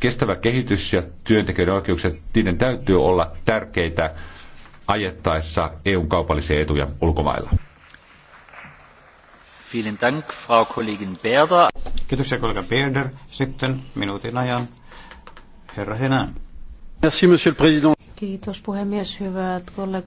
kestävä kehitys ja työntekijöiden oikeukset, niiden täytyy olla tärkeitä ajettaessa EUn kaupallisia etuja ulkomailla. Vielen Dank, Frau Kollegin Berder. Kiitos, kollega Berder. Sitten minuutin ajan herra Henään. Merci, Monsieur le Président. Kiitos puhemies, hyvät kollegat.